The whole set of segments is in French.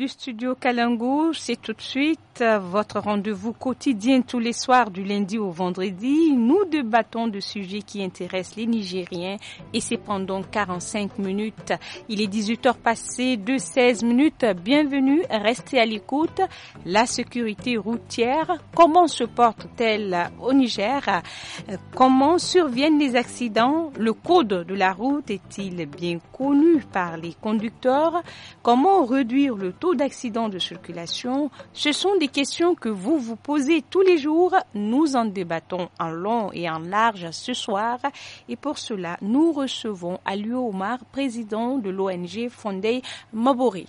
du studio Kalango, c'est tout de suite euh, votre rendez-vous quotidien tous les soirs du lundi au vendredi. Nous débattons de sujets qui intéressent les Nigériens et c'est pendant 45 minutes. Il est 18h passé de 16 minutes. Bienvenue, restez à l'écoute. La sécurité routière, comment se porte-t-elle au Niger euh, Comment surviennent les accidents Le code de la route est-il bien connu par les conducteurs Comment réduire le taux accidents de circulation Ce sont des questions que vous vous posez tous les jours. Nous en débattons en long et en large ce soir. Et pour cela, nous recevons lui Omar, président de l'ONG Fondé Mabori.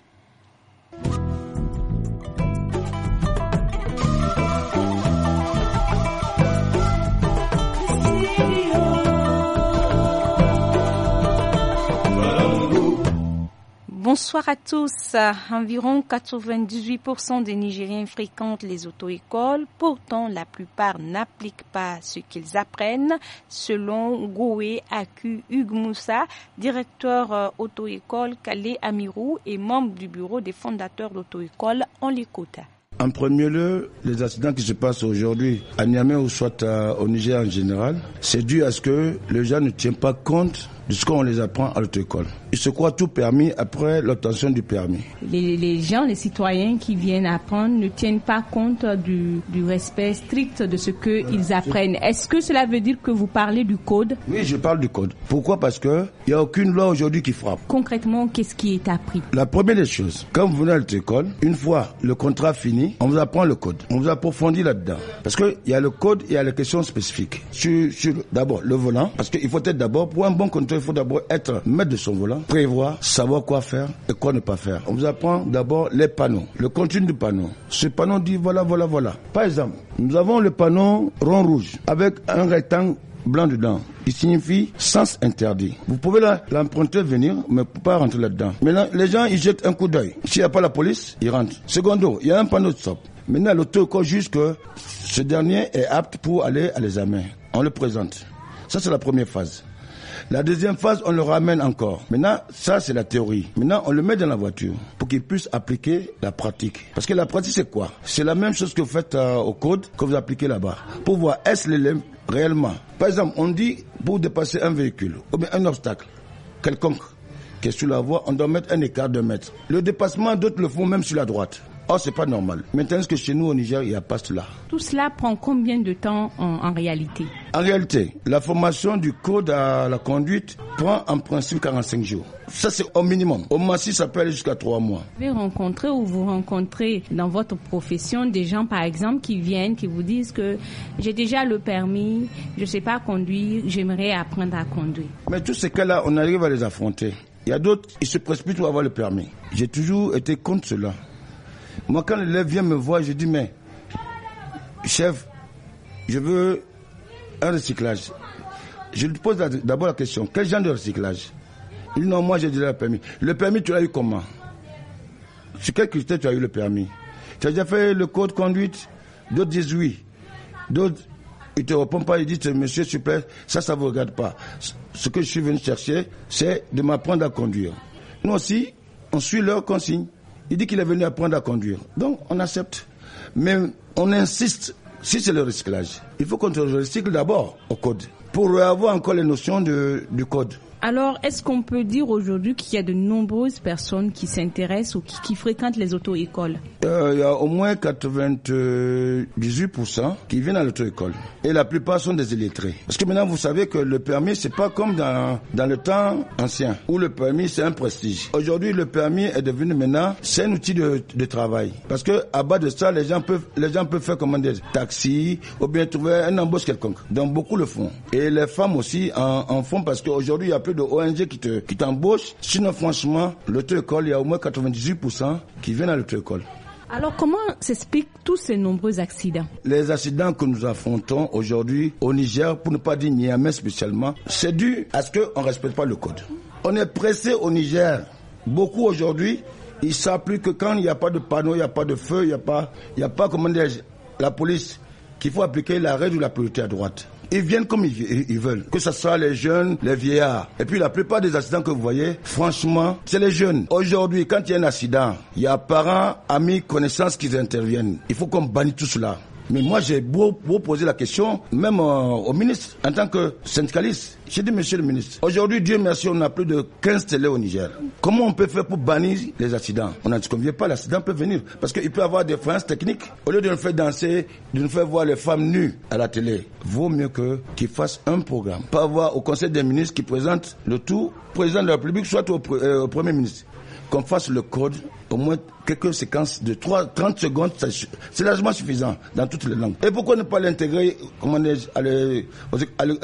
Bonsoir à tous. Environ 98% des Nigériens fréquentent les auto-écoles. Pourtant, la plupart n'appliquent pas ce qu'ils apprennent, selon Goué Aku Hugmoussa, directeur euh, auto-école Calais Amirou et membre du bureau des fondateurs d'auto-école. en Likota. En premier lieu, les accidents qui se passent aujourd'hui à Niamey ou soit euh, au Niger en général, c'est dû à ce que les gens ne tiennent pas compte qu'on les apprend à l'auto-école. Ils se croient tout permis après l'obtention du permis. Les, gens, les citoyens qui viennent apprendre ne tiennent pas compte du, respect strict de ce qu'ils ils apprennent. Est-ce que cela veut dire que vous parlez du code Oui, je parle du code. Pourquoi Parce qu'il n'y a aucune loi aujourd'hui qui frappe. Concrètement, qu'est-ce qui est appris La première des choses, quand vous venez à l'auto-école, une fois le contrat fini, on vous apprend le code. On vous approfondit là-dedans. Parce qu'il y a le code et il y a les questions spécifiques. Sur, d'abord le volant, parce qu'il faut être d'abord pour un bon contrôle il faut d'abord être maître de son volant, prévoir, savoir quoi faire et quoi ne pas faire. On vous apprend d'abord les panneaux, le contenu du panneau. Ce panneau dit voilà, voilà, voilà. Par exemple, nous avons le panneau rond rouge avec un rectangle blanc dedans. Il signifie sens interdit. Vous pouvez l'emprunter venir, mais pas rentrer là-dedans. Maintenant, les gens, ils jettent un coup d'œil. S'il n'y a pas la police, ils rentrent. Secondo, il y a un panneau de stop. Maintenant, l'auto juge que ce dernier est apte pour aller à l'examen. On le présente. Ça, c'est la première phase. La deuxième phase, on le ramène encore. Maintenant, ça, c'est la théorie. Maintenant, on le met dans la voiture pour qu'il puisse appliquer la pratique. Parce que la pratique, c'est quoi C'est la même chose que vous faites euh, au code que vous appliquez là-bas. Pour voir est-ce l'élève réellement. Par exemple, on dit pour dépasser un véhicule ou un obstacle quelconque qui est sur la voie, on doit mettre un écart de mètre. Le dépassement, d'autres le font même sur la droite. Oh c'est pas normal. Maintenant, ce que chez nous au Niger, il n'y a pas cela. Tout cela prend combien de temps en, réalité En réalité, la formation du code à la conduite prend en principe 45 jours. Ça, c'est au minimum. Au massif, ça peut aller jusqu'à 3 mois. Vous rencontrez rencontré ou vous rencontrez dans votre profession des gens, par exemple, qui viennent, qui vous disent que j'ai déjà le permis, je ne sais pas conduire, j'aimerais apprendre à conduire. Mais tous ces cas-là, on arrive à les affronter. Il y a d'autres, ils se précipitent pour avoir le permis. J'ai toujours été contre cela. Moi, quand l'élève vient me voir, je dis, mais, chef, je veux un recyclage. Je lui pose d'abord la question, quel genre de recyclage Il non, moi j'ai déjà le permis. Le permis, tu l'as eu comment Sur quel critère tu as eu le permis Tu as déjà fait le code conduite D'autres disent oui. D'autres, ils te répondent pas, ils disent, monsieur, super, ça, ça vous regarde pas. Ce que je suis venu chercher, c'est de m'apprendre à conduire. Nous aussi, on suit leurs consignes. Il dit qu'il est venu apprendre à conduire. Donc, on accepte. Mais on insiste, si c'est le recyclage, il faut qu'on recycle d'abord au code, pour avoir encore les notions du code. Alors, est-ce qu'on peut dire aujourd'hui qu'il y a de nombreuses personnes qui s'intéressent ou qui, fréquentent les auto-écoles euh, Il y a au moins 98% qui viennent à l'auto-école. Et la plupart sont des illettrés. Parce que maintenant, vous savez que le permis, c'est pas comme dans, dans le temps ancien, où le permis, c'est un prestige. Aujourd'hui, le permis est devenu maintenant, c'est un outil de, de, travail. Parce que à bas de ça, les gens peuvent, les gens peuvent faire commander taxi ou bien trouver un embauche quelconque. Donc, beaucoup le font. Et les femmes aussi en, en font parce qu'aujourd'hui, il y a plus de ONG qui te, qui t'embauche Sinon, franchement, l'auto-école, il y a au moins 98% qui viennent à l'auto-école. Alors comment s'expliquent tous ces nombreux accidents Les accidents que nous affrontons aujourd'hui au Niger, pour ne pas dire Niamey spécialement, c'est dû à ce qu'on ne respecte pas le code. On est pressé au Niger. Beaucoup aujourd'hui, ils savent plus que quand il n'y a pas de panneau, il n'y a pas de feu, il n'y a pas, il y a pas comment dire, la police, qu'il faut appliquer la règle de la priorité à droite. Ils viennent comme ils, veulent. Que ce soit les jeunes, les vieillards. Et puis la plupart des accidents que vous voyez, franchement, c'est les jeunes. Aujourd'hui, quand il y a un accident, il y a parents, amis, connaissances qui interviennent. Il faut qu'on bannisse tout cela. Mais moi, j'ai beau, poser la question, même euh, au ministre, en tant que syndicaliste. J'ai dit, monsieur le ministre, aujourd'hui, Dieu merci, on a plus de 15 télés au Niger. Comment on peut faire pour bannir les accidents On n'en convient pas, l'accident peut venir. Parce qu'il peut avoir des freins techniques. Au lieu de nous faire danser, de nous faire voir les femmes nues à la télé, vaut mieux que qu'ils fassent un programme. Pas avoir au Conseil des ministres qui présente le tout, président de la République, soit au euh, Premier ministre. Qu'on fasse le code au moins quelques séquences de 3, 30 secondes, c'est largement suffisant dans toutes les langues. Et pourquoi ne pas l'intégrer à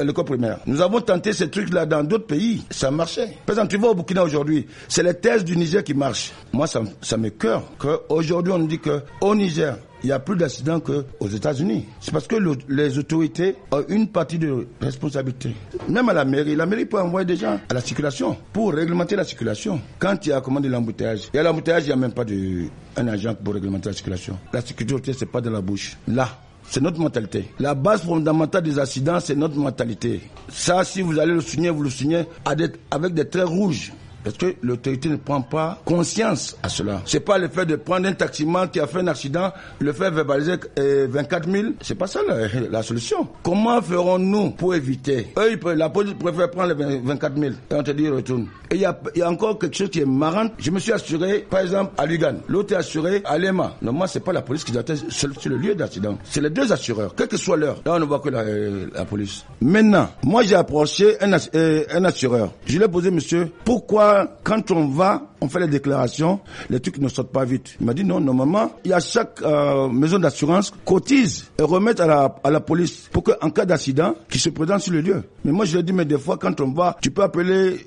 l'école primaire Nous avons tenté ces trucs-là dans d'autres pays, ça marchait. Par exemple, tu vois au Burkina aujourd'hui, c'est les thèses du Niger qui marchent. Moi, ça, me que qu'aujourd'hui on nous dit qu'au Niger, il y a plus d'accidents qu'aux États-Unis. C'est parce que les autorités ont une partie de responsabilité. Même à la mairie, la mairie peut envoyer des gens à la circulation pour réglementer la circulation. Quand il y a commandé l'embouteillage, et à l'embouteillage, il n'y a même pas de, un agent pour réglementer la circulation. La sécurité, c'est pas de la bouche. Là, c'est notre mentalité. La base fondamentale des accidents, c'est notre mentalité. Ça, si vous allez le signer, vous le signez avec des traits rouges. Parce que l'autorité ne prend pas conscience à cela. C'est pas le fait de prendre un taximan qui a fait un accident, le faire verbaliser 24 euh, 000. C'est pas ça la, solution. Comment ferons-nous pour éviter la police préfère prendre les 24 000 et on te dit retourne. Et il y, a, encore quelque chose qui est marrant. Je me suis assuré, par exemple, à Lugan. L'autre est assuré à Lema. Normalement, c'est pas la police qui doit être sur le lieu d'accident. C'est les deux assureurs, quelle que soit l'heure. Là, on ne voit que la, euh, police. Maintenant, moi, j'ai approché un, euh, un assureur. Je lui ai posé, monsieur, pourquoi quand, on va, on fait les déclarations, les trucs ne sortent pas vite. Il m'a dit non, normalement, il y a chaque euh, maison d'assurance cotise et remet à la, police pour qu'en cas d'accident, qui se présente sur le lieu. Mais moi, je lui ai dit, mais des fois, quand on va, tu peux appeler,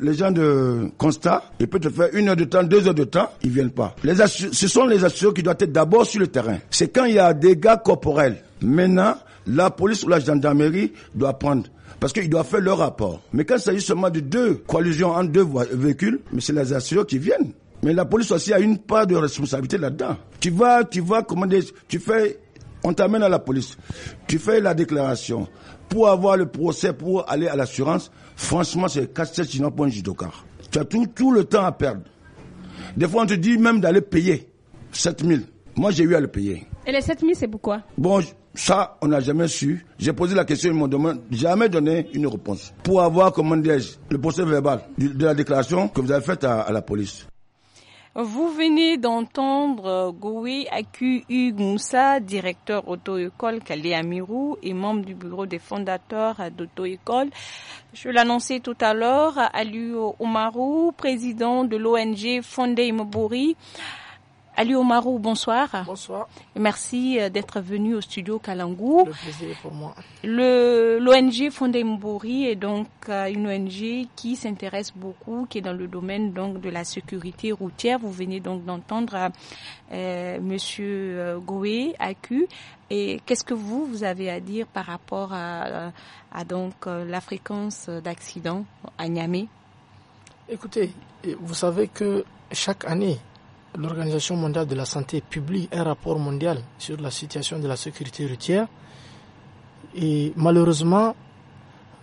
les gens de constat, ils peuvent te faire une heure de temps, deux heures de temps, ils viennent pas. Les ce sont les assureurs qui doivent être d'abord sur le terrain. C'est quand il y a des dégâts corporels. Maintenant, la police ou la gendarmerie doit prendre parce qu'il doit faire le rapport. Mais quand il s'agit seulement de deux collusions en deux véhicules, mais c'est les assureurs qui viennent. Mais la police aussi a une part de responsabilité là-dedans. Tu vas, tu vas, commander, tu fais, on t'amène à la police, tu fais la déclaration pour avoir le procès, pour aller à l'assurance. Franchement, c'est casse-tête sinon pour un judokar. Tu as tout, tout le temps à perdre. Des fois, on te dit même d'aller payer 7000. Moi, j'ai eu à le payer. Et les 7000, c'est pourquoi Bon, ça, on n'a jamais su. J'ai posé la question, ils m'ont jamais donné une réponse. Pour avoir, comment dirais-je, le procès verbal de la déclaration que vous avez faite à, la police. Vous venez d'entendre Goué Aku Moussa, directeur auto-école Kalé-Amirou et membre du bureau des fondateurs d'auto-école. Je l'annonçais tout à l'heure, Aliou Omarou, président de l'ONG Fondé Mobori. Ali Omarou, bonsoir. Bonsoir. Merci euh, d'être venu au studio Kalangou. Le plaisir pour moi. L'ONG Fondé est donc euh, une ONG qui s'intéresse beaucoup, qui est dans le domaine donc de la sécurité routière. Vous venez donc d'entendre euh, Monsieur Goé, Acu. Et qu'est-ce que vous, vous avez à dire par rapport à, donc la fréquence d'accidents à Niamey Écoutez, vous savez que chaque année, l'Organisation mondiale de la santé publie un rapport mondial sur la situation de la sécurité routière. Et malheureusement,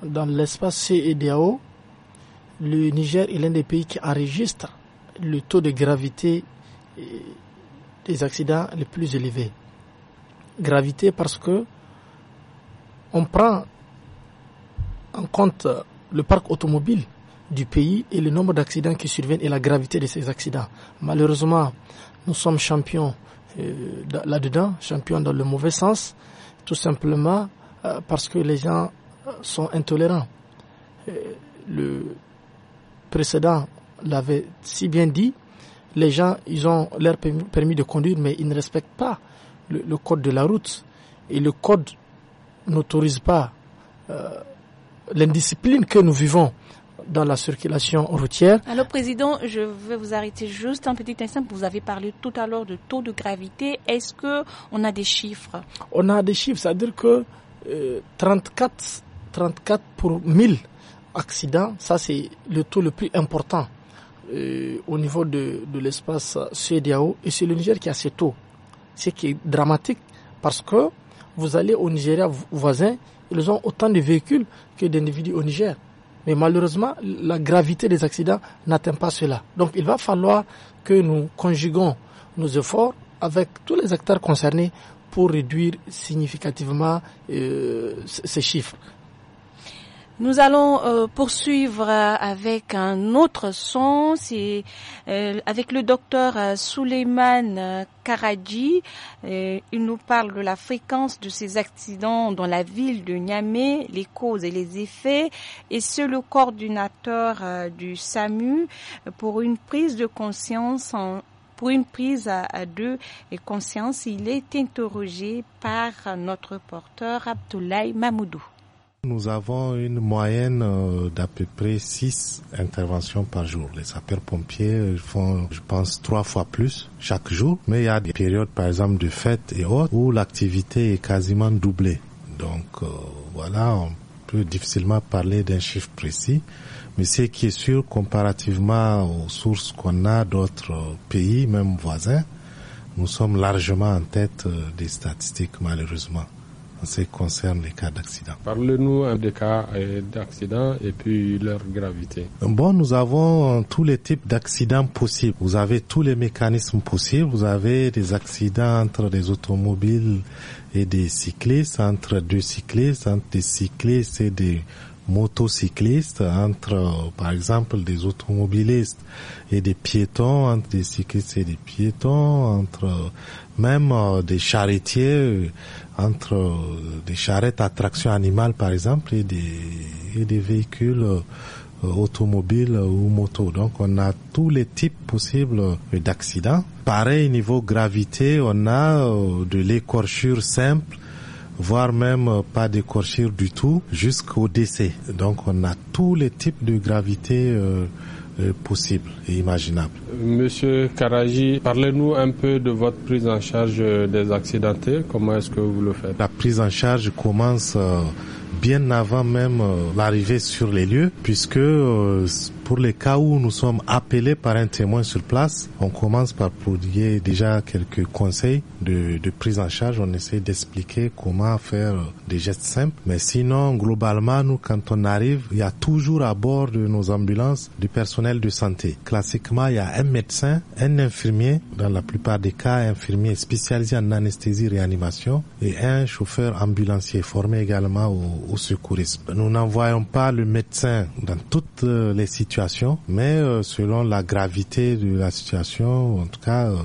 dans l'espace CEDAO, le Niger est l'un des pays qui enregistre le taux de gravité euh, des accidents les plus élevés. Gravité parce que on prend en compte le parc automobile du pays et le nombre d'accidents qui surviennent et la gravité de ces accidents. Malheureusement, nous sommes champions euh, là-dedans, champions dans le mauvais sens, tout simplement euh, parce que les gens euh, sont intolérants. le précédent l'avait si bien dit, les gens, ils ont leur permis de conduire, mais ils ne respectent pas le, le code de la route. Et le code n'autorise pas l'indiscipline que nous vivons dans la circulation routière. Alors, Président, je vais vous arrêter juste un petit instant. Vous avez parlé tout à l'heure de taux de gravité. Est-ce que on a des chiffres On a des chiffres, c'est-à-dire que 34, euh, 34 pour 1000 accidents, ça c'est le taux le plus important euh, au niveau de, l'espace CEDEAO et c'est le Niger qui a ces taux. Ce qui est dramatique parce que vous allez au Nigeria voisin, ils ont autant de véhicules que d'individus au Niger. Mais malheureusement, la gravité des accidents n'atteint pas cela. Donc il va falloir que nous conjuguons nos efforts avec tous les acteurs concernés pour réduire significativement euh, ces chiffres. Nous allons euh, poursuivre euh, avec un autre son, c'est euh, avec le docteur Suleiman Karadji. il nous parle de la fréquence de ces accidents dans la ville de Niamey, les causes et les effets. Et c'est le coordinateur du SAMU pour une prise de conscience pour une prise à, deux et conscience, il est interrogé par notre porteur Abdoulaye Mamoudou. Nous avons une moyenne euh, d'à peu près 6 interventions par jour. Les sapeurs-pompiers font, je pense, trois fois plus chaque jour. Mais il y a des périodes, par exemple, de fêtes et autres, où l'activité est quasiment doublée. Donc euh, voilà, on peut difficilement parler d'un chiffre précis. Mais ce qui est sûr, comparativement aux sources qu'on a d'autres euh, pays, même voisins, nous sommes largement en tête des statistiques, malheureusement en ce qui concerne les cas d'accident. parlez nous des cas euh, d'accident et puis leur gravité. Bon, nous avons euh, tous les types d'accidents possibles. Vous avez tous les mécanismes possibles. Vous avez des accidents entre des automobiles et des cyclistes, entre deux cyclistes, entre des cyclistes et des motocyclistes, entre euh, par exemple des automobilistes et des piétons, entre des cyclistes et des piétons, entre même des charretiers entre euh, des charrettes à traction animale, par exemple, et des, des véhicules euh, automobiles ou motos. Donc on a tous les types possibles d'accidents. Pareil niveau gravité, on a euh, de l'écorchure simple voire même pas d'écorchure du tout, jusqu'au décès. Donc on a tous les types de gravité euh, possible et imaginable. Monsieur Karaji, parlez-nous un peu de votre prise en charge euh, des accidentés. Comment est-ce que vous le faites La prise en charge commence euh, bien avant même l'arrivée sur les lieux, puisque pour les cas où nous sommes appelés par un témoin sur place, on commence par prodiguer déjà quelques conseils de, de prise en charge. On essaie d'expliquer comment faire des gestes simples. Mais sinon, globalement, nous, quand on arrive, il y a toujours à bord de nos ambulances du personnel de santé. Classiquement, il y a un médecin, un infirmier, dans la plupart des cas, un infirmier spécialisé en anesthésie réanimation et un chauffeur ambulancier formé également au, au secourisme. Nous n'envoyons pas le médecin dans toutes euh, les situations mais euh, selon la gravité de la situation, en tout cas euh,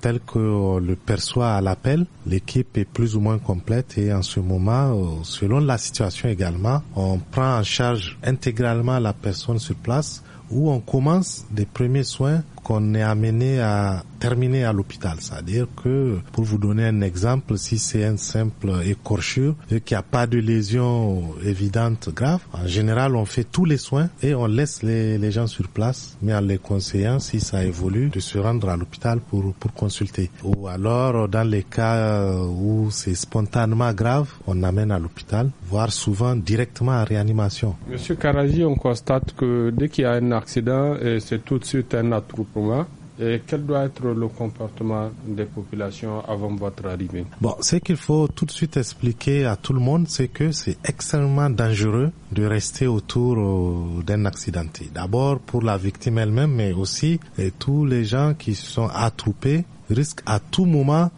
tel qu'on euh, le perçoit à l'appel, l'équipe est plus ou moins complète et en ce moment, selon la situation également, on prend en charge intégralement la personne sur place où on commence des premiers soins qu'on est amené à terminer à l'hôpital. C'est-à-dire que, pour vous donner un exemple, si c'est un simple écorchure et qu'il n'y a pas de lésion évidente grave, en général, on fait tous les soins et on laisse les, les gens sur place, mais en les conseillant, si ça évolue, de se rendre à l'hôpital pour, pour consulter. Ou alors, dans les cas où c'est spontanément grave, on amène à l'hôpital, voire souvent directement à réanimation. Monsieur Karaji, on constate que dès qu'il y a un accident, c'est tout de suite un attroupement et quel doit être le comportement des populations avant votre arrivée Bon, ce qu'il faut tout de suite expliquer à tout le monde, c'est que c'est extrêmement dangereux de rester autour euh, d'un accidenté. D'abord pour la victime elle-même, mais aussi tous les gens qui se sont attroupés risquent à tout moment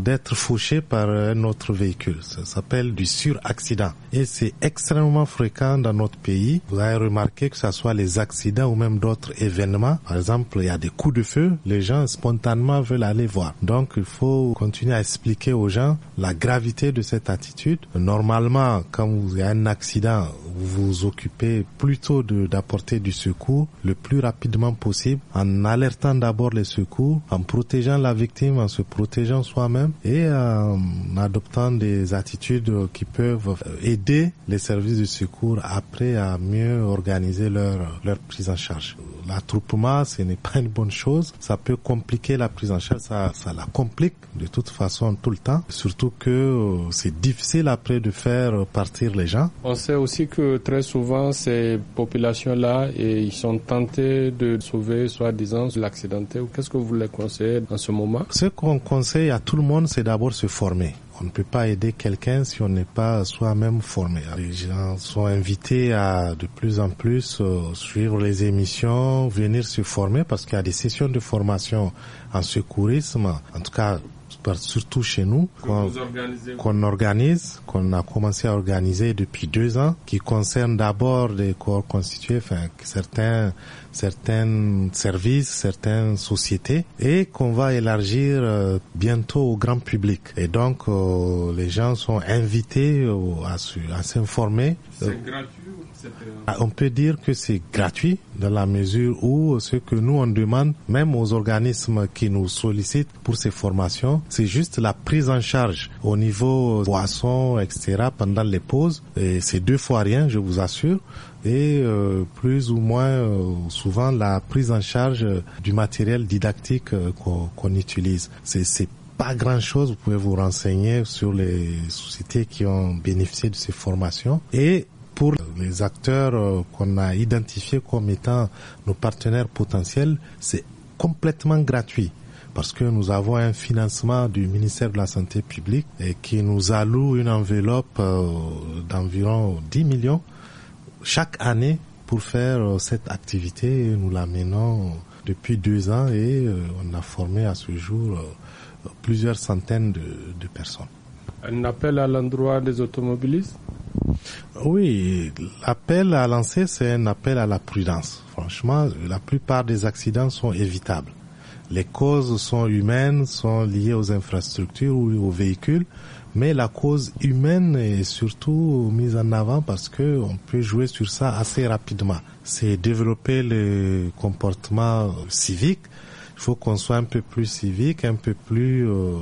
d'être fauché par euh, un autre véhicule. Ça s'appelle du suraccident. Et c'est extrêmement fréquent dans notre pays. Vous avez remarqué que ce soit les accidents ou même d'autres événements. Par exemple, il y a des coups de feu. Les gens spontanément veulent aller voir. Donc, il faut continuer à expliquer aux gens la gravité de cette attitude. Normalement, quand vous avez un accident, vous vous occupez plutôt d'apporter du secours le plus rapidement possible en alertant d'abord les secours, en protégeant la victime, en se protégeant soi-même et euh, en adoptant des attitudes qui peuvent euh, aider les services de secours après à mieux organiser leur, leur prise en charge l'attroupement, ce n'est pas une bonne chose. Ça peut compliquer la prise en charge, ça, la complique de toute façon tout le temps. Surtout que euh, c'est difficile après de faire partir les gens. On sait aussi que très souvent ces populations-là, ils sont tentés de sauver soi-disant l'accidenté. Qu'est-ce que vous les conseillez en ce moment Ce qu'on conseille à tout le monde, c'est d'abord se former. On ne peut pas aider quelqu'un si on n'est pas soi-même formé. Les gens sont invités à de plus en plus euh, suivre les émissions, venir se former parce qu'il y a des sessions de formation en secourisme. En tout cas, surtout chez nous, qu'on organise, qu'on a commencé à organiser depuis deux ans, qui concerne d'abord des corps constitués, enfin, certains, certains services, certaines sociétés, et qu'on va élargir euh, bientôt au grand public. Et donc, euh, les gens sont invités à, à s'informer. C'est ah, on peut dire que c'est gratuit dans la mesure où ce que nous on demande, même aux organismes qui nous sollicitent pour ces formations, c'est juste la prise en charge au niveau boisson, etc. pendant les pauses. Et c'est deux fois rien, je vous assure et euh, plus ou moins euh, souvent la prise en charge euh, du matériel didactique qu'on utilise, utilise. C'est pas grand chose, vous pouvez vous renseigner sur les sociétés qui ont bénéficié de ces formations et pour les acteurs euh, qu'on a identifiés comme étant nos partenaires potentiels, c'est complètement gratuit parce que nous avons un financement du ministère de la Santé publique et qui nous alloue une enveloppe euh, d'environ 10 millions chaque année pour faire euh, cette activité. Nous la depuis deux ans et on a formé à ce jour plusieurs centaines de personnes. Un appel à l'endroit des automobilistes oui, l'appel à lancer, c'est un appel à la prudence. Franchement, la plupart des accidents sont évitables. Les causes sont humaines, sont liées aux infrastructures ou aux véhicules, mais la cause humaine est surtout mise en avant parce qu'on peut jouer sur ça assez rapidement. C'est développer le comportement civique, il faut qu'on soit un peu plus civique, un peu plus euh,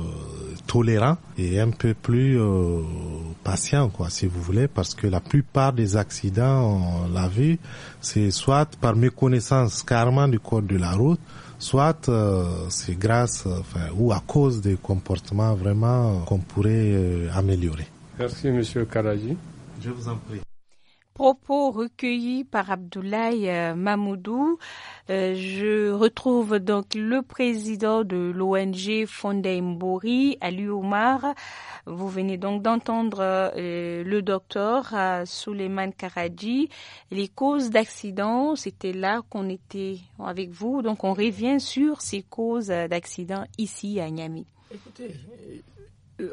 tolérant et un peu plus euh, patient, quoi, si vous voulez, parce que la plupart des accidents, on l'a vu, c'est soit par méconnaissance carrément du code de la route, soit euh, c'est grâce enfin, ou à cause des comportements vraiment qu'on pourrait euh, améliorer. Merci, Monsieur Karaji. Je vous en prie propos recueillis par Abdoulaye euh, Mamoudou. Euh, je retrouve donc le président de l'ONG Fonday Mbori, Ali Omar. Vous venez donc d'entendre euh, le docteur euh, Souleymane Karadji. Les causes d'accidents, c'était là qu'on était avec vous. Donc on revient sur ces causes d'accidents ici à Niamey. Écoutez,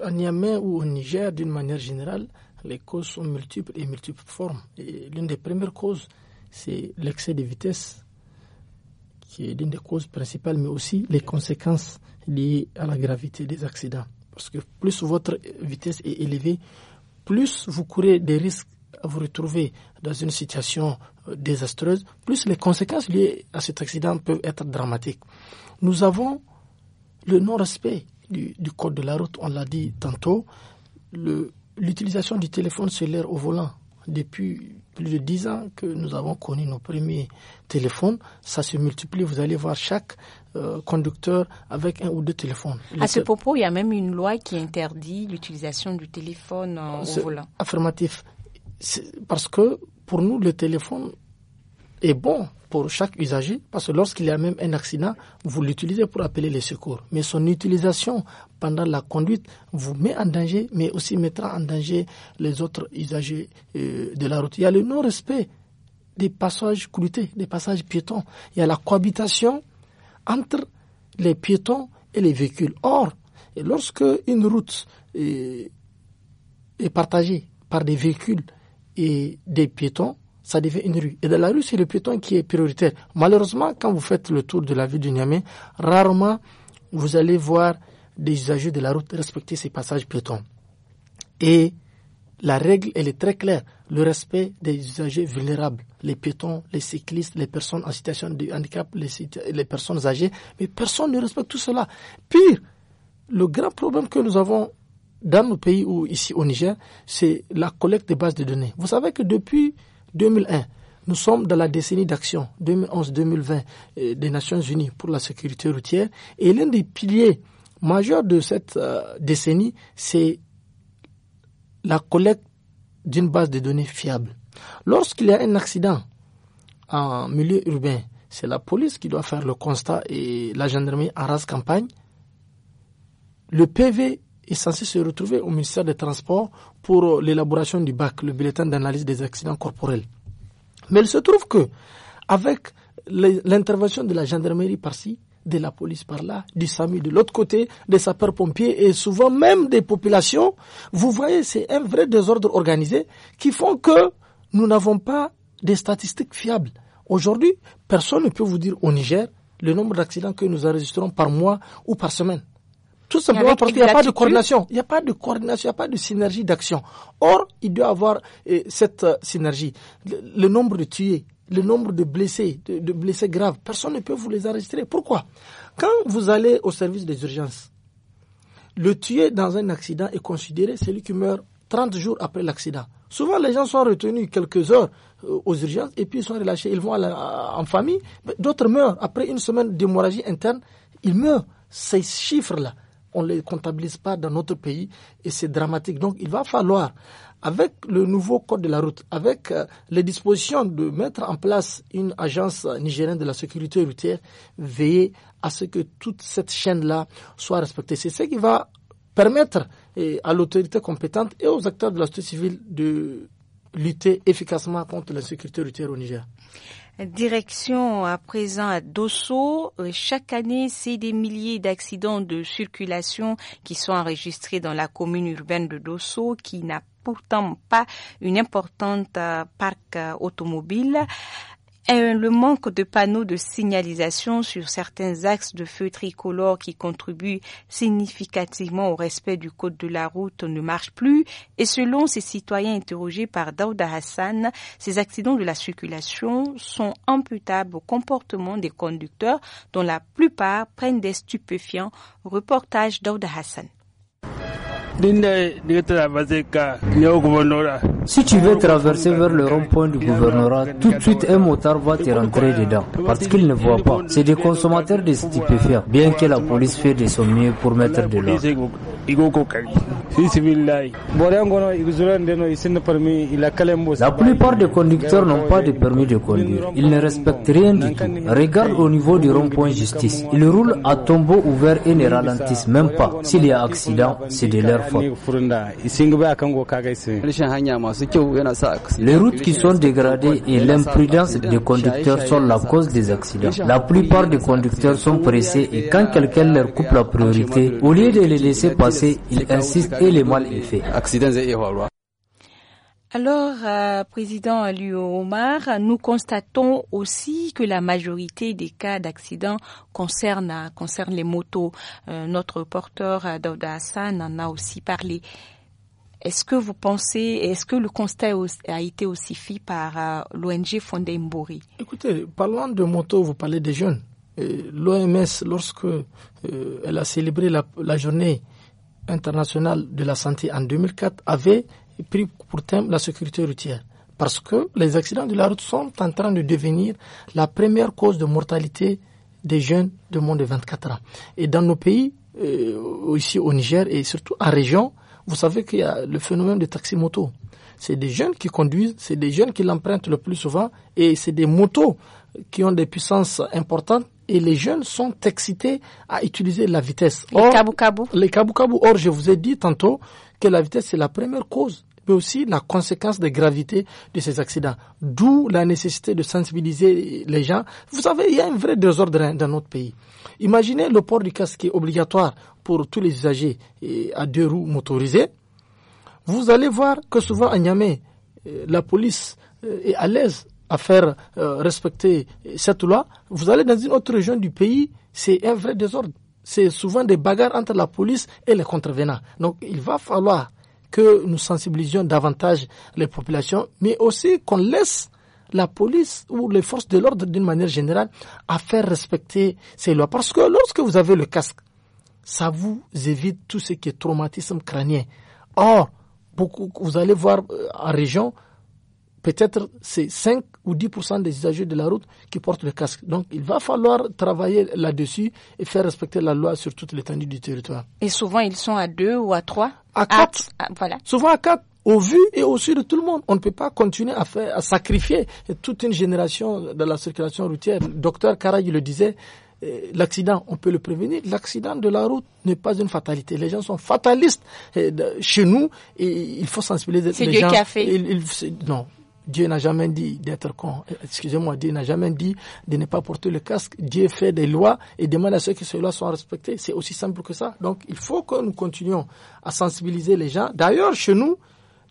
à Niamey ou au Niger, d'une manière générale, les causes sont multiples et multiples formes. l'une des premières causes, c'est l'excès de vitesse, qui est l'une des causes principales, mais aussi les conséquences liées à la gravité des accidents. Parce que plus votre vitesse est élevée, plus vous courez des risques à vous retrouver dans une situation euh, désastreuse, plus les conséquences liées à cet accident peuvent être dramatiques. Nous avons le non-respect du, du, code de la route, on l'a dit tantôt, le L'utilisation du téléphone cellulaire au volant, depuis plus de dix ans que nous avons connu nos premiers téléphones, ça se multiplie. Vous allez voir chaque euh, conducteur avec un ou deux téléphones. à ce propos, il y a même une loi qui interdit l'utilisation du téléphone euh, au volant. Affirmatif. Parce que pour nous, le téléphone est bon pour chaque usager, parce que lorsqu'il y a même un accident, vous l'utilisez pour appeler les secours. Mais son utilisation la conduite vous met en danger, mais aussi mettra en danger les autres usagers euh, de la route. Il y a le non-respect des passages cloutés, des passages piétons. Il y a la cohabitation entre les piétons et les véhicules. Or, lorsque une route est, est partagée par des véhicules et des piétons, ça devient une rue. Et dans la rue, c'est le piéton qui est prioritaire. Malheureusement, quand vous faites le tour de la ville du Niamey, rarement vous allez voir des usagers de la route respecter ces passages piétons. Et la règle, elle est très claire. Le respect des usagers vulnérables, les piétons, les cyclistes, les personnes en situation de handicap, les, les personnes âgées. Mais personne ne respecte tout cela. Pire, le grand problème que nous avons dans nos pays ou ici au Niger, c'est la collecte des bases de données. Vous savez que depuis 2001, nous sommes dans la décennie d'action 2011-2020 euh, des Nations Unies pour la sécurité routière et l'un des piliers majeur de cette euh, décennie, c'est la collecte d'une base de données fiable. Lorsqu'il y a un accident en milieu urbain, c'est la police qui doit faire le constat et la gendarmerie en campagne. Le PV est censé se retrouver au ministère des Transports pour l'élaboration du BAC, le bulletin d'analyse des accidents corporels. Mais il se trouve que, avec l'intervention de la gendarmerie par-ci, de la police par là, du SAMU de l'autre côté, des sapeurs-pompiers et souvent même des populations. Vous voyez, c'est un vrai désordre organisé qui font que nous n'avons pas des statistiques fiables. Aujourd'hui, personne ne peut vous dire au Niger le nombre d'accidents que nous enregistrons par mois ou par semaine. Tout simplement parce qu'il n'y a pas de coordination. Il n'y a pas de coordination, il n'y a pas de synergie d'action. Or, il doit y avoir euh, cette euh, synergie. le nombre de tués, le nombre de blessés, de, blessés graves, personne ne peut vous les enregistrer. Pourquoi Quand vous allez au service des urgences, le tué dans un accident est considéré celui qui meurt 30 jours après l'accident. Souvent, les gens sont retenus quelques heures euh, aux urgences et puis ils sont relâchés. Ils vont en famille. D'autres meurent. Après une semaine d'hémorragie interne, ils meurent. Ces chiffres-là, on ne les comptabilise pas dans notre pays et c'est dramatique. Donc, il va falloir avec le nouveau code de la route, avec euh, les dispositions de mettre en place une agence nigérienne de la sécurité routière, veiller à ce que toute cette chaîne-là soit respectée. C'est ce qui va permettre eh, à l'autorité compétente et aux acteurs de la société civile de lutter efficacement contre la sécurité routière au Niger. Direction à présent à Dosso. Euh, chaque année, c'est des milliers d'accidents de circulation qui sont enregistrés dans la commune urbaine de Dosso qui n'a pourtant pas une importante euh, parc euh, automobile le manque de panneaux de signalisation sur certains axes de feu tricolore qui contribuent significativement au respect du code de la route ne marche plus et selon ces citoyens interrogés par Daouda Hassan, ces accidents de la circulation sont imputables au comportement des conducteurs dont la plupart prennent des stupéfiants. Reportage Daouda Hassan. Si tu veux traverser vers le rond-point du gouvernorat, tout de suite un motard va te rentrer dedans parce qu'il ne voit pas. C'est des consommateurs de stupéfiants, bien que la police fait de son mieux pour mettre de l'ordre. La plupart des conducteurs n'ont pas de permis de conduire. Ils ne respectent rien du tout. Regarde au niveau du rond-point justice. Ils roulent à tombeau ouvert et ne ralentissent même pas. S'il y a accident, c'est de leur faute. Les routes qui sont dégradées et l'imprudence des conducteurs sont la cause des accidents. La plupart des conducteurs sont pressés et quand quelqu'un leur coupe la priorité, au lieu de les laisser passer, il insiste hein, et les hein. Alors, euh, Président Aliou Omar, nous constatons aussi que la majorité des cas d'accidents concernent, les motos. Euh, notre reporter euh, Dauda Hassan en a aussi parlé. Est-ce que vous pensez, est-ce que le constat a été aussi fait par l'ONG Fondé Mbori Écoutez, parlant de motos, vous parlez des jeunes. L'OMS, lorsque elle a célébré la journée internationale de la santé en 2004 avait pris pour thème la sécurité routière parce que les accidents de la route sont en train de devenir la première cause de mortalité des jeunes de moins de 24 ans. Et dans nos pays, ici euh, au Niger et surtout en région, vous savez qu'il y a le phénomène des taxis-motos. C'est des jeunes qui conduisent, c'est des jeunes qui l'empruntent le plus souvent et c'est des motos qui ont des puissances importantes et les jeunes sont excités à utiliser la vitesse. Les kabukabu. Les kabukabu. Or, je vous ai dit tantôt que la vitesse est la première cause mais aussi la conséquence de gravité de ces accidents. D'où la nécessité de sensibiliser les gens. Vous savez, il y a un vrai désordre dans notre pays. Imaginez le port du casque qui est obligatoire pour tous les usagers à deux roues motorisées. Vous allez voir que souvent à Niamey, euh, la police euh, est à l'aise à faire euh, respecter cette loi, vous allez dans une autre région du pays, c'est un vrai désordre. C'est souvent des bagarres entre la police et les contrevenants. Donc il va falloir que nous sensibilisions davantage les populations, mais aussi qu'on laisse la police ou les forces de l'ordre d'une manière générale à faire respecter ces lois. Parce que lorsque vous avez le casque, ça vous évite tout ce qui est traumatisme crânien. Or, beaucoup, vous allez voir euh, en région, peut-être c'est 5 ou 10% des usagers de la route qui portent le casque. Donc il va falloir travailler là-dessus et faire respecter la loi sur toute l'étendue du territoire. Et souvent ils sont à 2 ou à 3 À 4. Voilà. Souvent à 4 au vu et au su de tout le monde. On ne peut pas continuer à faire, à sacrifier toute une génération de la circulation routière. Le docteur il le disait, euh, l'accident, on peut le prévenir. L'accident de la route n'est pas une fatalité. Les gens sont fatalistes euh, chez nous et il faut sensibiliser les gens. C'est Dieu qui Il, non, Dieu n'a jamais dit d'être con. Excusez-moi, Dieu n'a jamais dit de ne pas porter le casque. Dieu fait des lois et demande à ceux que ces lois soient respectées. C'est aussi simple que ça. Donc, il faut que nous continuions à sensibiliser les gens. D'ailleurs, chez nous,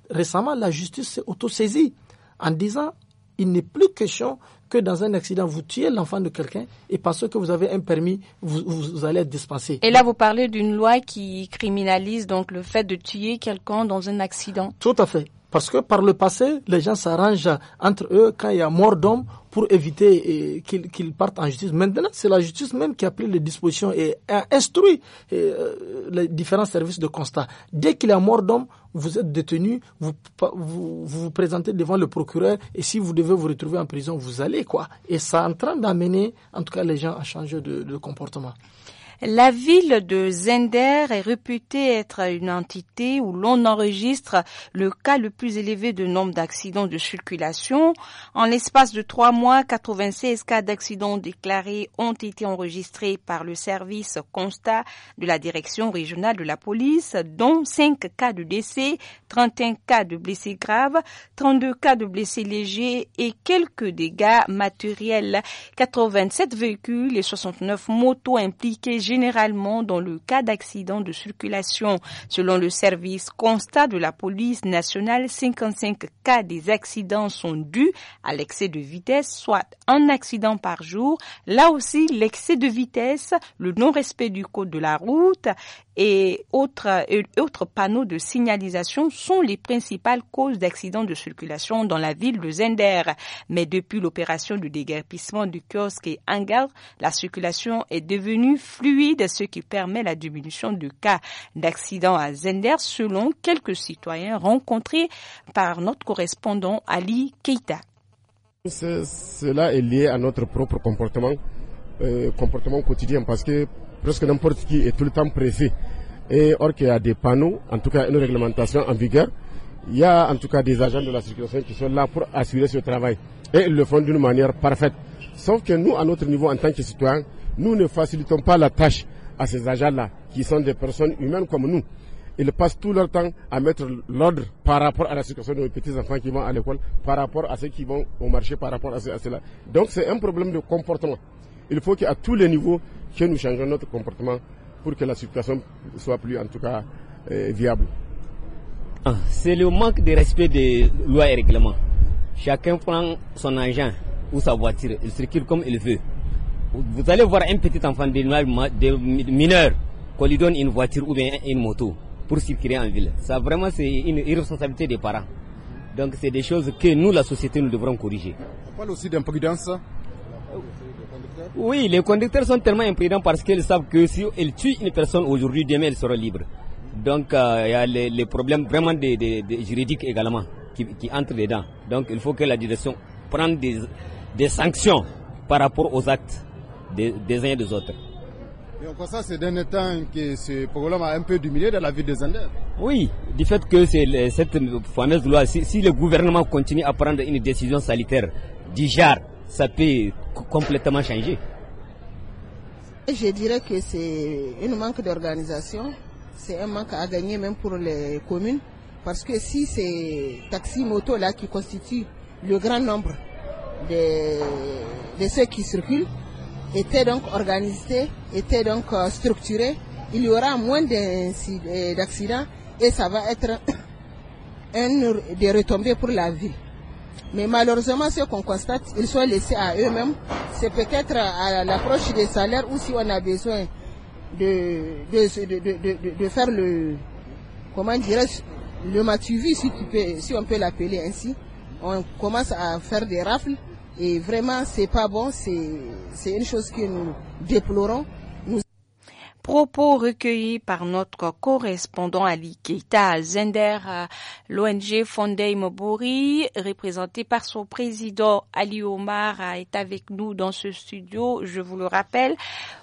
récemment, la justice s'est autosaisie en disant il n'est plus question que dans un accident, vous tuez l'enfant de quelqu'un et parce que vous avez un permis, vous, vous, allez être dispensé. Et là, vous parlez d'une loi qui criminalise donc le fait de tuer quelqu'un dans un accident. Tout à fait. Parce que par le passé, les gens s'arrangent entre eux quand il y a mort d'homme pour éviter euh, qu'ils partent en justice. Maintenant, c'est la justice même qui a pris les dispositions et a instruit euh, les différents services de constat. Dès qu'il y a mort d'homme, vous êtes détenu, vous, vous, présentez devant le procureur et si vous devez vous retrouver en prison, vous allez quoi. Et ça est en train d'amener, en tout cas, les gens à changer de comportement. La ville de Zender est réputée être une entité où l'on enregistre le cas le plus élevé de nombre d'accidents de circulation. En l'espace de trois mois, 96 cas d'accidents déclarés ont été enregistrés par le service constat de la direction régionale de la police, dont 5 cas de décès, 31 cas de blessés graves, 32 cas de blessés légers et quelques dégâts matériels. 87 véhicules et 69 motos impliqués généralement dans le cas d'accident de circulation. Selon le service constat de la police nationale, 55 cas des accidents sont dus à l'excès de vitesse, soit un accident par jour. Là aussi, l'excès de vitesse, le non-respect du code de la route et autres, panneaux de signalisation sont les principales causes d'accidents de circulation dans la ville de Zender. Mais depuis l'opération de déguerpissement du kiosque et hangar, la circulation est devenue fluide de ce qui permet la diminution du cas d'accident à Zender selon quelques citoyens rencontrés par notre correspondant Ali Keita. Cela est lié à notre propre comportement, euh, comportement quotidien, parce que presque n'importe qui est tout le temps pressé. Et or qu'il y a des panneaux, en tout cas une réglementation en vigueur, il y a en tout cas des agents de la circulation qui sont là pour assurer ce travail. Et ils le font d'une manière parfaite. Sauf que nous, à notre niveau, en tant que citoyens, nous ne facilitons pas la tâche à ces agents-là, qui sont des personnes humaines comme nous. Ils passent tout leur temps à mettre l'ordre par rapport à la situation de nos petits-enfants qui vont à l'école, par rapport à ceux qui vont au marché, par rapport à, cela. Donc c'est un problème de comportement. Il faut qu'à tous les niveaux, que nous changions notre comportement pour que la situation soit plus, en tout cas, euh, viable. Ah, c'est le manque de respect des lois et règlements. Chacun prend son agent ou sa voiture, il circule comme il veut vous allez voir un petit enfant de mineur qu'on lui donne une voiture ou bien une moto pour circuler en ville. Ça, vraiment, c'est une irresponsabilité des parents. Donc, c'est des choses que nous, la société, nous devrons corriger. On parle aussi d'imprudence. Oui, les conducteurs sont tellement imprudents parce qu'ils savent que si ils tuent une personne aujourd'hui, demain, elle sera libre. Donc, euh, il y a les, problèmes vraiment des, juridiques également qui, entrent dedans. Donc, il faut que la direction prenne des sanctions par rapport aux actes des, uns et des autres. Et on constate c'est d'un temps que ce problème a un peu diminué dans la vie des Indiens Oui, du fait que cette fameuse loi, si, le gouvernement continue à prendre une décision sanitaire du genre, ça peut complètement changer. Je dirais que c'est un manque d'organisation, c'est un manque à gagner même pour les communes, parce que si ces taxis-motos-là qui constituent le grand nombre de ceux qui circulent, était donc organisé, était donc euh, structuré, il y aura moins euh, d'accidents et ça va être un des retombées pour la ville. Mais malheureusement, ce qu'on constate, ils sont laissés à eux-mêmes. C'est peut-être à l'approche des salaires ou si on a besoin de, de, de, de faire le, comment dirais le si, si on peut l'appeler ainsi. On commence à faire des rafles et vraiment, c'est pas bon, c'est une chose que nous déplorons. Propos recueillis par notre correspondant Ali Keita Zender, l'ONG Fondei Mobori, représenté par son président Ali Omar, est avec nous dans ce studio, je vous le rappelle.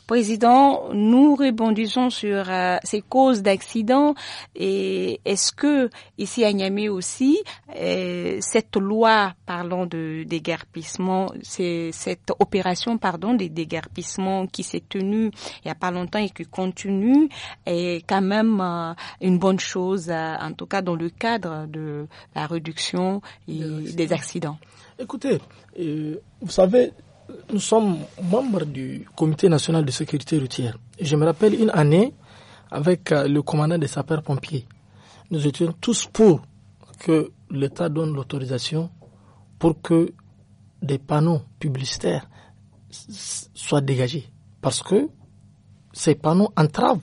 Président, nous rebondissons sur euh, ces causes d'accidents et est-ce que ici à Niamey aussi, euh, cette loi parlant de déguerpissement, cette opération pardon des déguerpissements qui s'est tenue il n'y a pas longtemps et qui continue est quand même euh, une bonne chose, en tout cas dans le cadre de la réduction des accidents. Écoutez, vous savez, nous sommes membres du Comité national de sécurité routière. Je me rappelle une année avec euh, le commandant des sapeurs-pompiers. Nous étions tous pour que l'État donne l'autorisation pour que des panneaux publicitaires soient dégagés. Parce que ces panneaux entravent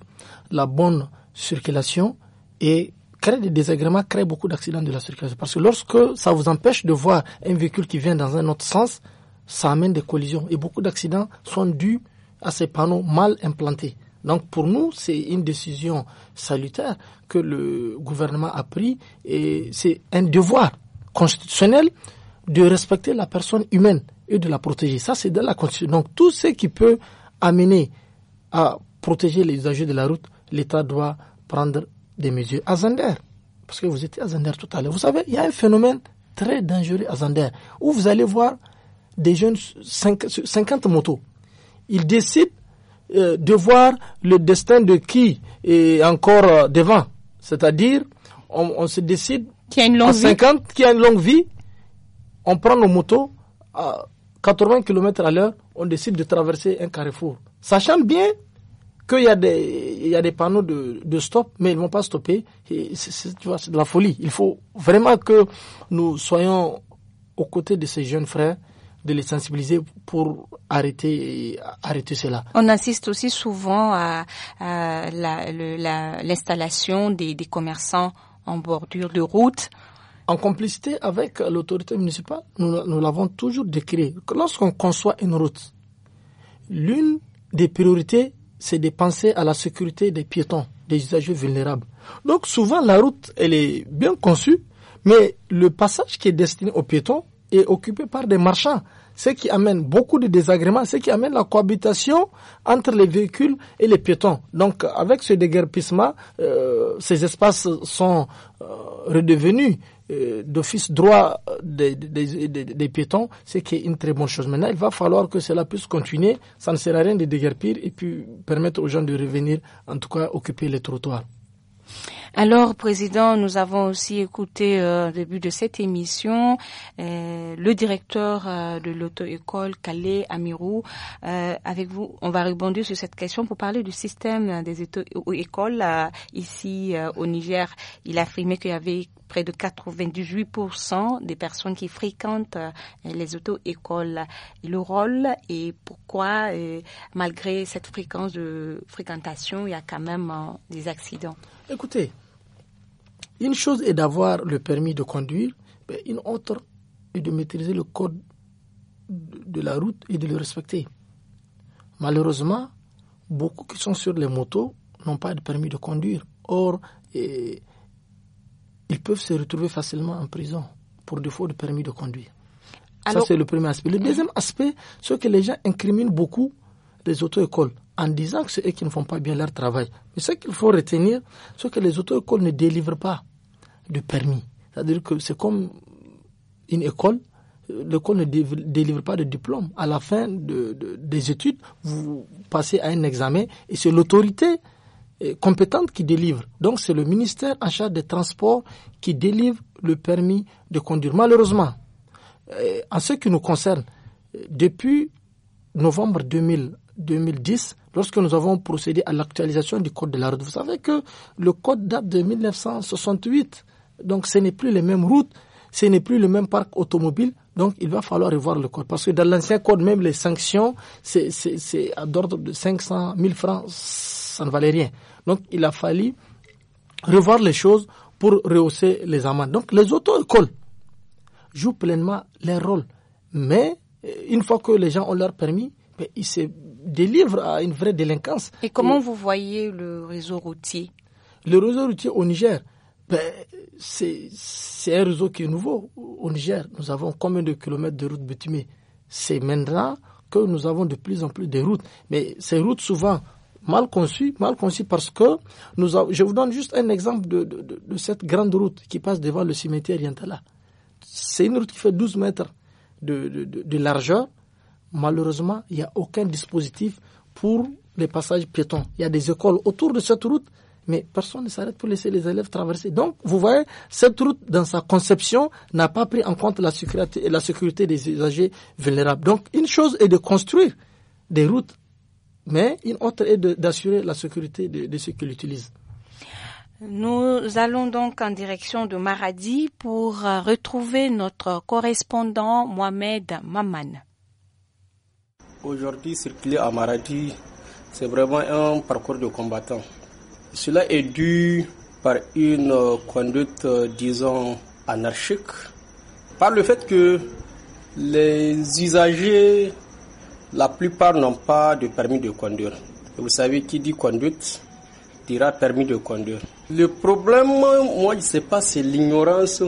la bonne circulation et créent des désagréments, créent beaucoup d'accidents de la circulation. Parce que lorsque ça vous empêche de voir un véhicule qui vient dans un autre sens, ça amène des collisions et beaucoup d'accidents sont dus à ces panneaux mal implantés. Donc pour nous, c'est une décision salutaire que le gouvernement a pris et c'est un devoir constitutionnel de respecter la personne humaine et de la protéger. Ça, c'est dans la Constitution. Donc tout ce qui peut amener à protéger les usagers de la route, l'État doit prendre des mesures. À Zander, parce que vous étiez à Zander tout à l'heure, vous savez, il y a un phénomène très dangereux à Zander où vous allez voir des jeunes, 50 motos. Ils décident euh, de voir le destin de qui est encore euh, devant. C'est-à-dire, on, se décide qui a une longue 50, qui a une longue vie, on prend nos motos à 80 km à l'heure, on décide de traverser un carrefour. Sachant bien qu'il y, a des, il y a des panneaux de, stop, mais ils ne vont pas stopper. Et tu vois, c'est de la folie. Il faut vraiment que nous soyons aux côtés de ces jeunes frères de les sensibiliser pour arrêter, arrêter cela. On assiste aussi souvent à, l'installation des, des commerçants en bordure de route en complicité avec l'autorité municipale, nous, nous l'avons toujours décrit. Lorsqu'on conçoit une route, l'une des priorités, c'est de penser à la sécurité des piétons, des usagers vulnérables. Donc souvent, la route, elle est bien conçue, mais le passage qui est destiné aux piétons, est occupé par des marchands, ce qui amène beaucoup de désagréments, ce qui amène la cohabitation entre les véhicules et les piétons. Donc avec ce déguerpissement, euh, ces espaces sont euh, redevenus euh, d'office droit des, des, des, piétons, ce qui est une très bonne chose. Maintenant, il va falloir que cela puisse continuer, ça ne sert à rien de déguerpir et puis permettre aux gens de revenir, en tout cas occuper les trottoirs. Alors, Président, nous avons aussi écouté au euh, début de cette émission euh, le directeur euh, de l'auto-école Calais Amirou. avec vous, on va rebondir sur cette question pour parler du système des auto-écoles ici au Niger. Il a affirmé qu'il y avait près de 98% des personnes qui fréquentent les auto-écoles. Le rôle et pourquoi, malgré cette fréquence de fréquentation, il y a quand même des accidents. Écoutez, une chose est d'avoir le permis de conduire, mais une autre est de maîtriser le code de la route et de le respecter. Malheureusement, beaucoup qui sont sur les motos n'ont pas de permis de conduire. Or, ils peuvent se retrouver facilement en prison pour défaut de permis de conduire. Ça, c'est le premier aspect. Le deuxième aspect, c'est que les gens incriminent beaucoup les auto-écoles en disant que c'est eux qui ne font pas bien leur travail. Mais ce qu'il faut retenir, c'est que les auto-écoles ne délivrent pas de permis. C'est-à-dire que c'est comme une école. L'école ne délivre pas de diplôme. À la fin des études, vous passez à un examen et c'est l'autorité euh, compétente qui délivre. Donc c'est le ministère en charge des transports qui délivre le permis de conduire. Malheureusement, euh, en ce qui nous concerne, depuis novembre 2010, lorsque nous avons procédé à l'actualisation du code de la route, vous savez que le code date de 1968. Donc ce n'est plus les mêmes routes, ce n'est plus le même parc automobile. Donc il va falloir revoir le code. Parce que dans l'ancien code, même les sanctions, c'est à d'ordre de 500 000 francs, ça ne valait rien. Donc il a fallu revoir les choses pour rehausser les amendes. Donc les auto-écoles jouent pleinement leur rôle. Mais euh, une fois que les gens ont leur permis, ben, ils se délivrent à une vraie délinquance. Et comment vous voyez le réseau routier Le réseau routier au Niger, ben, c'est un réseau qui est nouveau au Niger. Nous avons combien de kilomètres de routes bitumées C'est maintenant que nous avons de plus en plus de routes. Mais ces routes, souvent, mal conçues, mal conçues parce que je vous donne juste un exemple de, de cette grande route qui passe devant le cimetière Yantala. C'est une route qui fait 12 mètres de largeur. Malheureusement, il n'y a aucun dispositif pour les passages piétons. Il y a des écoles autour de cette route mais personne ne s'arrête pour laisser les élèves traverser. Donc, vous voyez, cette route, dans sa conception, n'a pas pris en compte la sécurité, la sécurité des usagers vulnérables. Donc, une chose est de construire des routes, mais une autre est d'assurer la sécurité de, ceux qui l'utilisent. Nous allons donc en direction de Maradi pour euh, retrouver notre correspondant Mohamed Maman. Aujourd'hui, circuler à Maradi, c'est vraiment un parcours de combattant. Cela est dû par une euh, conduite, euh, disons, anarchique, par le fait que les usagers, la plupart n'ont pas de permis de conduire. vous savez, qui dit conduite dira permis de conduire. Le problème, moi, je ne sais pas, c'est l'ignorance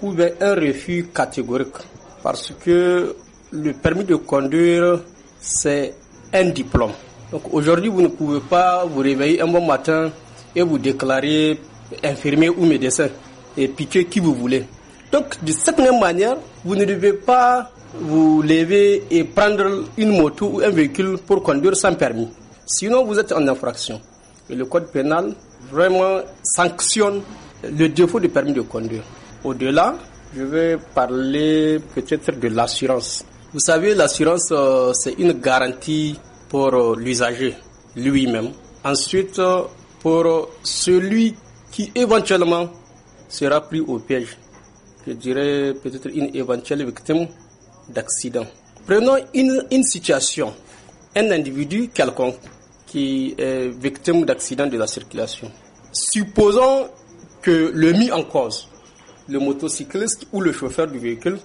ou bien un refus catégorique. Parce que le permis de conduire, c'est un diplôme. Donc aujourd'hui, vous ne pouvez pas vous réveiller un bon matin et vous déclarez infirmier ou médecin et piquez qui vous voulez. Donc, de cette même manière, vous ne devez pas vous lever et prendre une moto ou un véhicule pour conduire sans permis. Sinon, vous êtes en infraction. Et le code pénal vraiment sanctionne le défaut de permis de conduire. Au-delà, je vais parler peut-être de l'assurance. Vous savez, l'assurance, euh, c'est une garantie pour euh, l'usager lui-même. Ensuite, euh, pour celui qui éventuellement sera pris au piège. Je dirais peut-être une éventuelle victime d'accident. Prenons une, une, situation, un individu quelconque qui est victime d'accident de la circulation. Supposons que le mis en cause, le motocycliste ou le chauffeur du véhicule,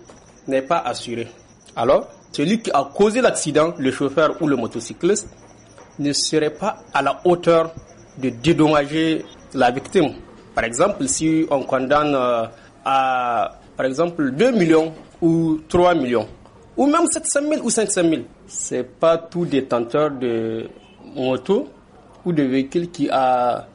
n'est pas assuré. Alors, celui qui a causé l'accident, le chauffeur ou le motocycliste, ne serait pas à la hauteur de dédommager la victime. Par exemple, si on condamne euh, à, par exemple, 2 millions ou 3 millions, ou même 700 000 ou 500 000, ce n'est pas tout détenteur de moto ou de véhicule qui a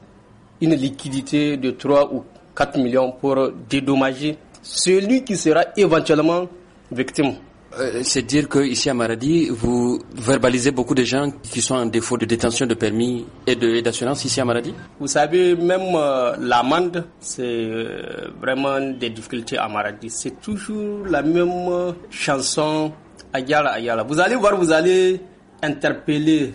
une liquidité de 3 ou 4 millions pour dédommager celui qui sera éventuellement victime. Euh, c'est dire que ici à Maradi, vous verbalisez beaucoup de gens qui sont en défaut de détention de permis et d'assurance ici à Maradi Vous savez, même euh, l'amende, c'est euh, vraiment des difficultés à Maradi. C'est toujours la même chanson, Ayala, Ayala. Vous allez voir, vous allez interpeller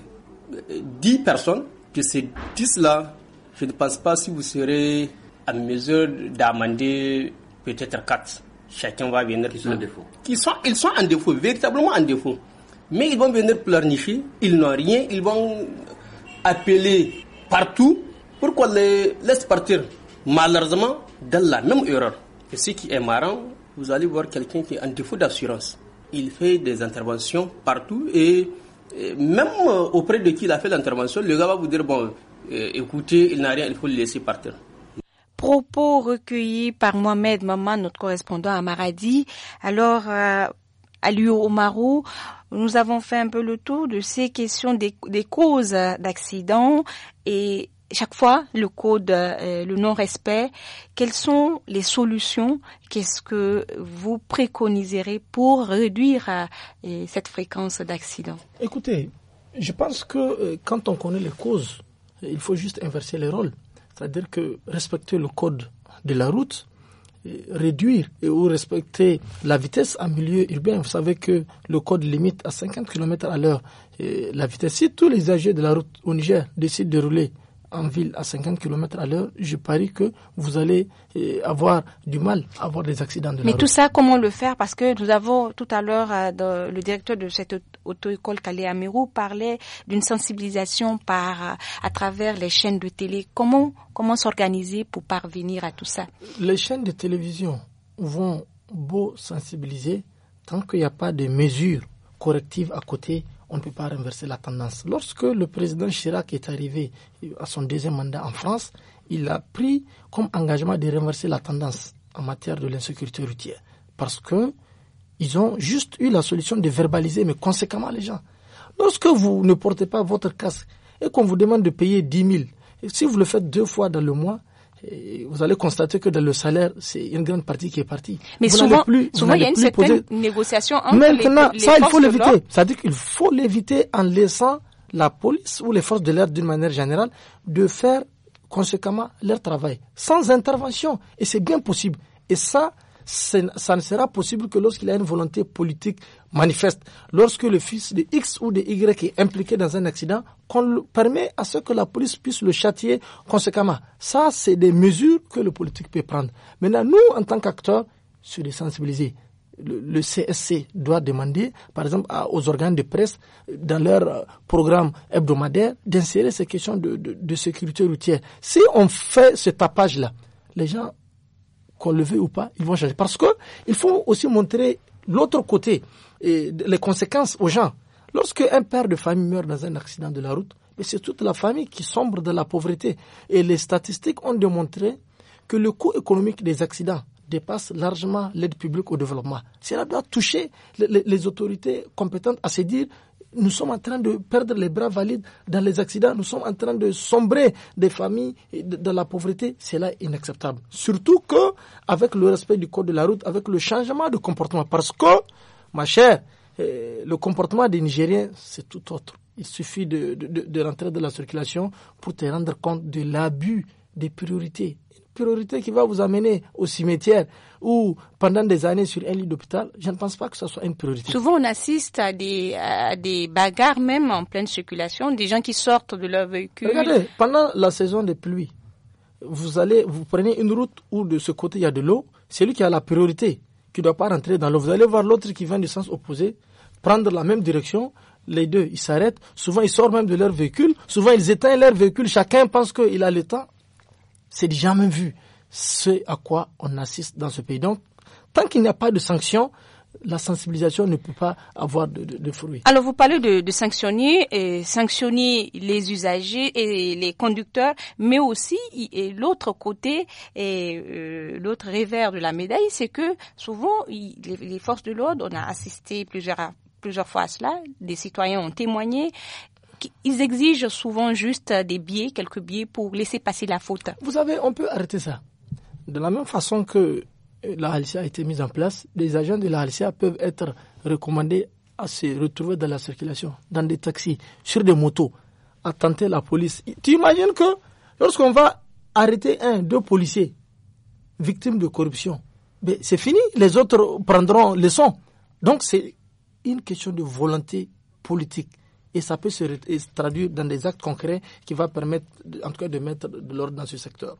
10 personnes, que ces 10-là, je ne pense pas si vous serez en mesure d'amender peut-être 4 chacun va venir. Qui sont en ils sont en défaut, véritablement en défaut. Mais ils vont venir pleurnicher, ils n'ont rien, ils vont appeler partout pourquoi qu'on les laisse partir. Malheureusement, dans la même erreur. Et ce qui est marrant, vous allez voir quelqu'un qui est en défaut d'assurance. Il fait des interventions partout et, même euh, auprès de qui il a fait l'intervention, le gars va vous dire, bon, euh, écoutez, il n'a rien, il faut le laisser partir propos recueillis par Mohamed Maman, notre correspondant à Maradi. Alors, euh, à Marou, nous avons fait un peu le tour de ces questions des, causes d'accidents et chaque fois le code, euh, le non-respect. Quelles sont les solutions Qu'est-ce que vous préconiserez pour réduire euh, cette fréquence d'accidents Écoutez, je pense que euh, quand on connaît les causes, il faut juste inverser les rôles. C'est-à-dire que respecter le code de la route, réduire et ou respecter la vitesse en milieu urbain. Vous savez que le code limite à 50 km à l'heure la vitesse. Si tous les agents de la route au Niger décident de rouler en ville à 50 km à l'heure, je parie que vous allez euh, avoir du mal à avoir des accidents de la Mais tout ça, comment le faire Parce que nous avons tout à l'heure, euh, le directeur de cette auto-école Calais Amirou parlait d'une sensibilisation par, à travers les chaînes de télé. Comment, comment s'organiser pour parvenir à tout ça Les chaînes de télévision vont beau sensibiliser tant qu'il n'y a pas de mesures correctives à côté on ne peut pas renverser la tendance. Lorsque le président Chirac est arrivé à son deuxième mandat en France, il a pris comme engagement de renverser la tendance en matière de l'insécurité routière. Parce que ils ont juste eu la solution de verbaliser, mais conséquemment les gens. Lorsque vous ne portez pas votre casque et qu'on vous demande de payer 10 000, et si vous le faites deux fois dans le mois, vous allez constater que dans le salaire, c'est une grande partie qui est partie. Mais souvent, plus, souvent il y a une certaine négociation entre Maintenant, les, les ça, il faut l'éviter. C'est-à-dire qu'il faut l'éviter en laissant la police ou les forces de l'air d'une manière générale de faire conséquemment leur travail sans intervention. Et c'est bien possible. Et ça, ça ne sera possible que lorsqu'il y a une volonté politique manifeste. Lorsque le fils de X ou de Y est impliqué dans un accident, qu'on permet à ce que la police puisse le châtier conséquemment. Ça, c'est des mesures que le politique peut prendre. Maintenant, nous, en tant qu'acteurs, sur les sensibiliser. Le, CSC doit demander, par exemple, aux organes de presse, dans leur euh, programme hebdomadaire, d'insérer ces questions de, de sécurité routière. Si on fait ce tapage-là, les gens qu'on le veut ou pas, ils vont changer. Parce que il faut aussi montrer l'autre côté, et les conséquences aux gens. Lorsque un père de famille meurt dans un accident de la route, c'est toute la famille qui sombre dans la pauvreté. Et les statistiques ont démontré que le coût économique des accidents dépasse largement l'aide publique au développement. Cela doit toucher les, autorités compétentes à se dire nous sommes en train de perdre les bras valides dans les accidents, nous sommes en train de sombrer des familles dans la pauvreté, c'est là inacceptable. Surtout que avec le respect du code de la route, avec le changement de comportement, parce que, ma chère, eh, le comportement des Nigériens, c'est tout autre. Il suffit de, de, de rentrer dans la circulation pour te rendre compte de l'abus des priorités priorité qui va vous amener au cimetière ou pendant des années sur un lit d'hôpital, je ne pense pas que ce soit une priorité. Souvent, on assiste à des, des bagarres, même en pleine circulation, des gens qui sortent de leur véhicule. Regardez, pendant la saison des pluies, vous allez, vous prenez une route où de ce côté il y a de l'eau, C'est lui qui a la priorité, qui ne doit pas rentrer dans l'eau, vous allez voir l'autre qui vient du sens opposé, prendre la même direction, les deux, ils s'arrêtent. Souvent, ils sortent même de leur véhicule. Souvent, ils éteignent leur véhicule. Chacun pense qu'il a le temps. C'est jamais vu ce à quoi on assiste dans ce pays. Donc, tant qu'il n'y a pas de sanctions, la sensibilisation ne peut pas avoir de, de, fruits. Alors vous parlez de, sanctionner, et sanctionner les usagers et les conducteurs, mais aussi l'autre côté et euh, l'autre revers de la médaille, c'est que souvent les, les, forces de l'ordre, on a assisté plusieurs plusieurs fois à cela, des citoyens ont témoigné ils exigent souvent juste des biais, quelques biais pour laisser passer la faute. Vous savez, on peut arrêter ça. De la même façon que euh, la Halcia a été mise en place, les agents de la Halcia peuvent être recommandés à se retrouver dans la circulation, dans des taxis, sur des motos, à tenter la police. Tu imagines que lorsqu'on va arrêter un, deux policiers victimes de corruption, ben, c'est fini, les autres prendront leçon. Donc c'est une question de volonté politique et ça peut se, traduire dans des actes concrets qui vont permettre, en tout cas, de mettre de l'ordre dans ce secteur.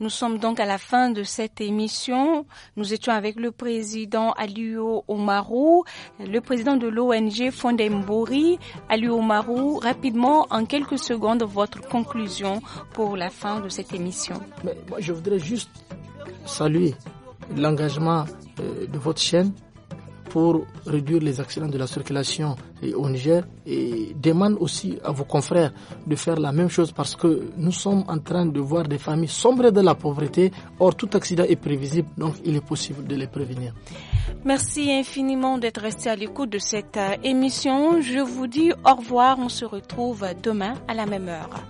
Nous sommes donc à la fin de cette émission. Nous étions avec le président Aliou Omarou, le président de l'ONG Fondembori. Aliou Omarou, rapidement, en quelques secondes, votre conclusion pour la fin de cette émission. moi, je voudrais juste saluer l'engagement euh, de votre chaîne pour réduire les accidents de la circulation eh, au Niger et demande aussi à vos confrères de faire la même chose parce que nous sommes en train de voir des familles sombrer dans la pauvreté. Or, tout accident est prévisible, donc il est possible de les prévenir. Merci infiniment d'être resté à l'écoute de cette euh, émission. Je vous dis au revoir. On se retrouve demain à la même heure.